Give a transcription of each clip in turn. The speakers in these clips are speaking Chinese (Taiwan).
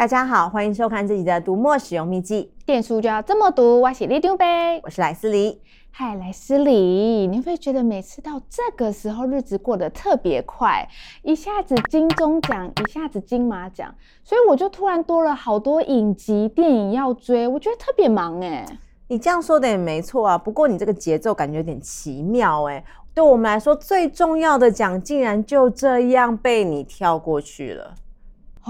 大家好，歡迎收看自己的讀墨使用祕技，電書就要這麼讀，我是里長伯，我是萊斯里。嗨，萊斯里，你會不會覺得每次到這個時候，日子過得特別快，一下子金鐘獎，一下子金馬獎，所以我就突然多了好多影集、電影要追，我覺得特別忙誒。你這樣說的也沒錯啊，不過你這個節奏感覺有點奇妙誒。對我們來說，最重要的獎竟然就這樣被你跳過去了。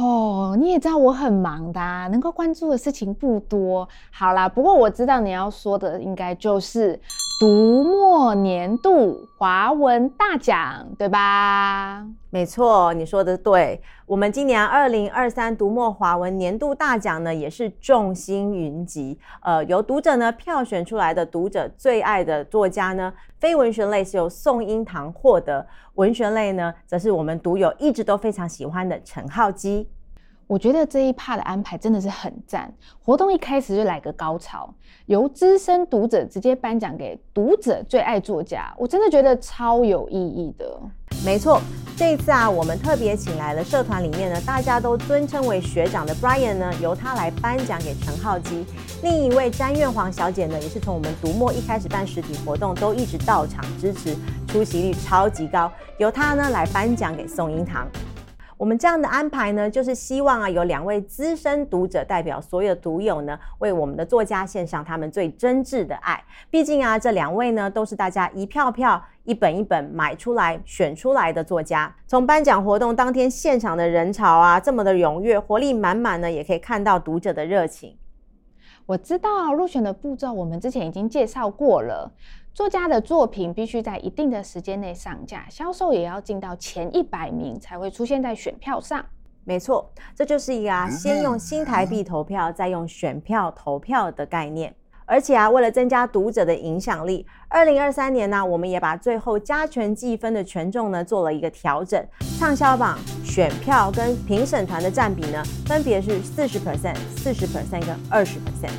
哦，你也知道我很忙的啊，能夠關注的事情不多。好啦，不過我知道你要說的應該就是。讀墨年度華文大獎，對吧？沒錯，你說的對。我們今年二零二三讀墨華文年度大獎呢，也是眾星雲集。呃，由讀者呢票選出來的讀者最愛的作家呢，非文學類是由宋瑛堂獲得；文學類呢，則是我們讀友一直都非常喜歡的陳浩基。我覺得這一趴的安排真的是很讚，活動一開始就來個高潮，由資深讀者直接頒獎給讀者最愛作家，我真的覺得超有意義的。沒錯，這一次啊，我們特別請來了社團裡面呢，大家都尊稱為學長的 Brian 呢，由他來頒獎給陳浩基。另一位詹月煌小姐呢，也是從我們讀墨一開始辦實體活動都一直到場支持，出席率超級高，由她呢來頒獎給宋瑛堂。我們這樣的安排呢，就是希望啊，有兩位資深讀者代表所有犢友呢，為我們的作家獻上他們最真摯的愛。畢竟啊，這兩位呢，都是大家一票票、一本一本買出來選出來的作家。從頒獎活動當天現場的人潮啊，這麼的踴躍、活力滿滿呢，也可以看到讀者的熱情。我知道入選的步驟，我們之前已經介紹過了。作家的作品必須在一定的時間內上架，銷售也要進到前一百名才會出現在選票上。沒錯，這就是一個啊，先用新台幣投票，再用選票投票的概念。而且啊，為了增加讀者的影響力，二零二三年呢、啊，我們也把最後加權計分的權重呢做了一個調整，暢銷榜選票跟評審團的占比呢分別是四十 percent、四十 percent 跟二十 percent。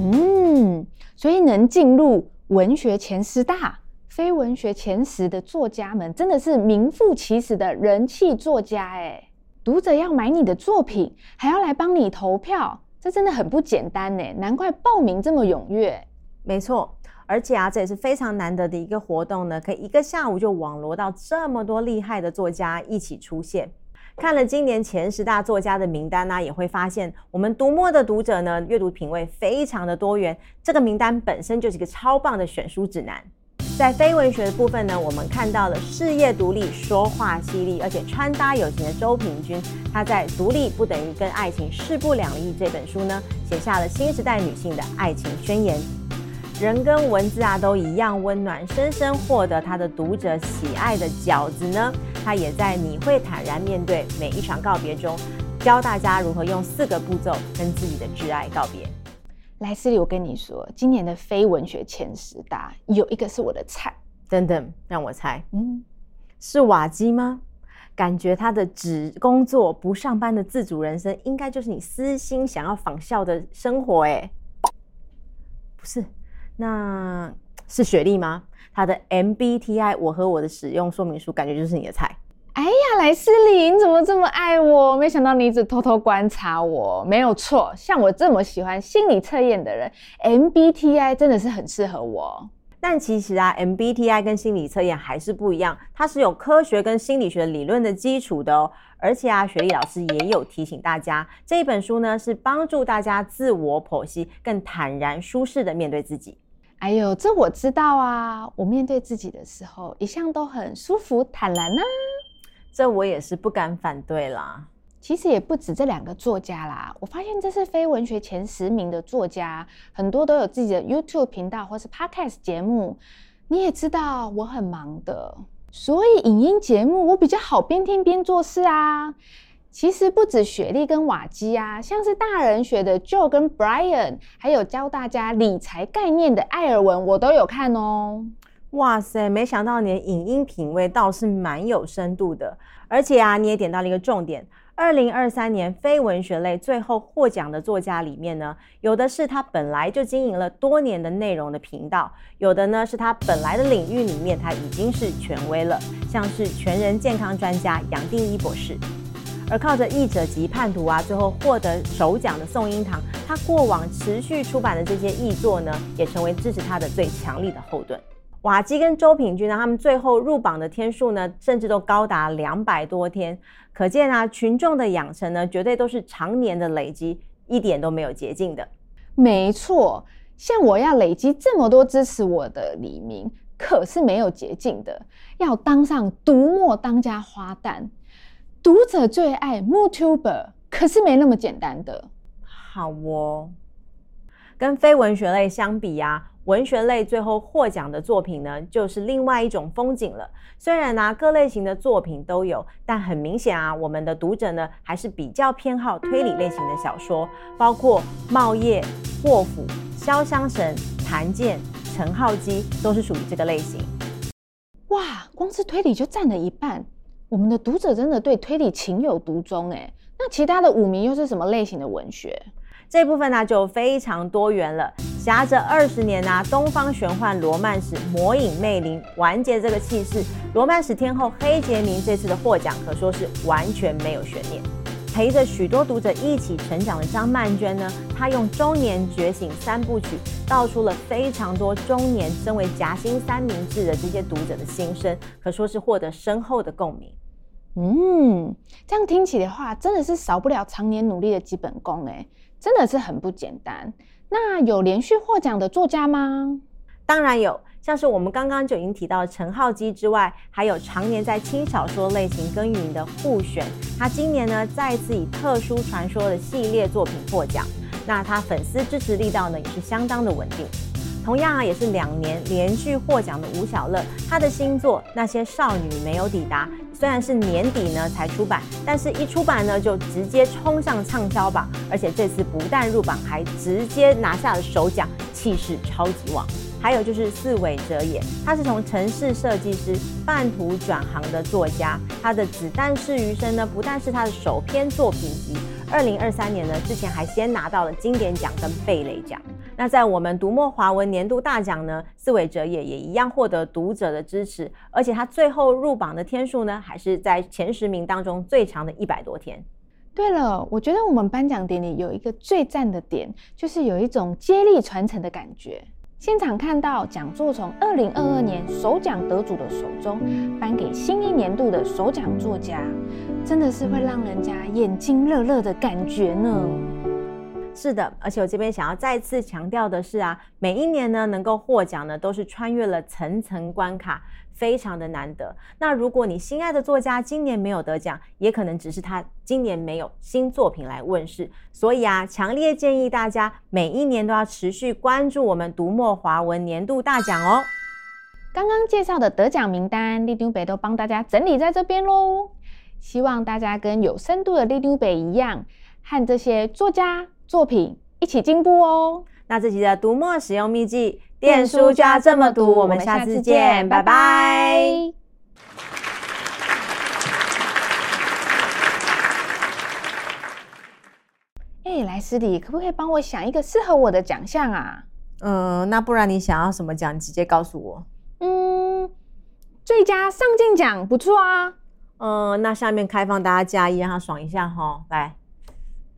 嗯，所以能進入文學前十大、非文學前十的作家們，真的是名副其實的人氣作家哎！讀者要買你的作品，還要來幫你投票。這真的很不簡單呢，難怪報名這麼踴躍。沒錯，而且啊，這也是非常難得的一個活動呢，可以一個下午就網羅到這麼多厲害的作家一起出現。看了今年前十大作家的名單呢、啊，也會發現我們讀墨的讀者呢，閱讀品味非常的多元。這個名單本身就是一個超棒的選書指南。在非文學的部分呢，我們看到了事業獨立、說話犀利，而且穿搭有型的周平君。他在《獨立不等於跟愛情勢不兩立》這本書呢，寫下了新時代女性的愛情宣言。人跟文字啊都一樣溫暖，深深獲得他的讀者喜愛的餃子呢，他也在《你會坦然面對每一場告別》中，教大家如何用四個步驟跟自己的摯愛告別。萊斯里，我跟你說，今年的非文學前十大有一個是我的菜。等等，讓我猜，嗯，是瓦基嗎？感覺他的只工作不上班的自主人生，應該就是你私心想要仿效的生活誒。 不是，那是雪莉嗎？她的 MBTI 我和我的使用說明書，感覺就是你的菜。哎呀，萊斯里，你怎麼這麼愛我？沒想到你一直偷偷觀察我，沒有錯。像我這麼喜歡心理測驗的人，MBTI 真的是很適合我。但其實啊，MBTI 跟心理測驗還是不一樣，它是有科學跟心理學理論的基礎的哦。而且啊，雪莉老師也有提醒大家，這一本書呢，是幫助大家自我剖析，更坦然舒適的面對自己。哎呦，這我知道啊，我面對自己的時候，一向都很舒服坦然呢，啊。這我也是不敢反對啦。其實也不止這兩個作家啦，我發現這是非文學前十名的作家，很多都有自己的 YouTube 頻道或是 Podcast 節目。你也知道我很忙的，所以影音節目我比較好邊聽邊做事啊。其實不止雪莉跟瓦基啊，像是大人學的 Joe 跟 Brian，還有教大家理財概念的艾爾文，我都有看哦。哇塞，沒想到你的影音品味倒是蠻有深度的，而且啊，你也點到了一個重點。二零二三年非文學類最後獲獎的作家裡面呢，有的是他本來就經營了多年的內容的頻道，有的呢是他本來的領域裡面他已經是權威了，像是全人健康專家楊定一博士。而靠着譯者即叛徒啊，最後獲得首獎的宋瑛堂，他過往持續出版的這些譯作呢，也成為支持他的最強力的後盾。瓦基跟周品均呢，他們最後入榜的天數呢，甚至都高達兩百多天，可見啊，群眾的養成呢，絕對都是常年的累積，一點都沒有捷徑的。沒錯，像我要累積這麼多支持我的李明，可是沒有捷徑的，要當上讀墨當家花旦、讀者最愛 mooTuber，可是沒那麼簡單的。好哦，跟非文學類相比呀、啊。文學類最後獲獎的作品呢，就是另外一種風景了。雖然呢，啊，各類型的作品都有，但很明顯啊，我們的讀者呢，還是比較偏好推理類型的小說，包括茂業、霍府、瀟湘神、譚健、陳浩基都是屬於這個類型。哇，光是推理就占了一半，我們的讀者真的對推理情有獨鍾哎。那其他的五名又是什麼類型的文學？這部分呢，啊，就非常多元了。夾着二十年吶、啊，《東方玄幻》《羅曼史》《魔影魅靈》完結這個氣勢，《羅曼史》天后黑傑明這次的獲獎可說是完全沒有懸念。陪着許多讀者一起成長的張曼娟呢，她用《中年覺醒》三部曲道出了非常多中年身為夾心三明治的這些讀者的心聲，可說是獲得深厚的共鳴。嗯，這樣聽起的話，真的是少不了常年努力的基本功誒，真的是很不簡單。那有連續獲獎的作家嗎？當然有，像是我們剛剛就已經提到的陳浩基之外，還有常年在輕小說類型耕耘的護玄，他今年呢再次以《特殊傳說》的系列作品獲獎，那他粉絲支持力道呢也是相當的穩定。同樣啊，也是兩年連續獲獎的吳曉樂，他的新作《那些少女沒有抵達》。雖然是年底呢才出版，但是一出版呢就直接衝上暢銷榜，而且這次不但入榜，還直接拿下了首獎，氣勢超級旺。還有就是寺尾哲也，他是從城市設計師半途轉行的作家，他的《子彈是餘生》呢不但是他的首篇作品集，二零二三年呢之前還先拿到了經典獎跟貝雷獎。那在我們讀墨華文年度大獎呢，思維哲也也一樣獲得讀者的支持，而且他最後入榜的天數呢，還是在前十名當中最長的一百多天。對了，我覺得我們頒獎典禮有一個最讚的點，就是有一種接力傳承的感覺。現場看到獎座從二零二二年首獎得主的手中頒給新一年度的首獎作家，真的是會讓人家眼睛熱熱的感覺呢。是的，而且我這邊想要再次強調的是啊，每一年呢能夠獲獎呢，都是穿越了層層關卡，非常的難得。那如果你心愛的作家今年沒有得獎，也可能只是他今年沒有新作品來問世。所以啊，強烈建議大家每一年都要持續關注我們讀墨華文年度大獎哦。剛剛介紹的得獎名單，里長伯都幫大家整理在這邊嘍。希望大家跟有深度的里長伯一樣，和這些作家。作品一起進步哦。那這期的讀墨使用秘技，電書，就要這麼讀。我們下次見，拜拜。哎，萊斯里，可不可以幫我想一個適合我的獎項啊？嗯、呃，那不然你想要什麼獎，你直接告訴我。嗯，最佳上鏡獎不錯啊。嗯、呃，那下面開放大家加一，讓他爽一下哈、哦。來。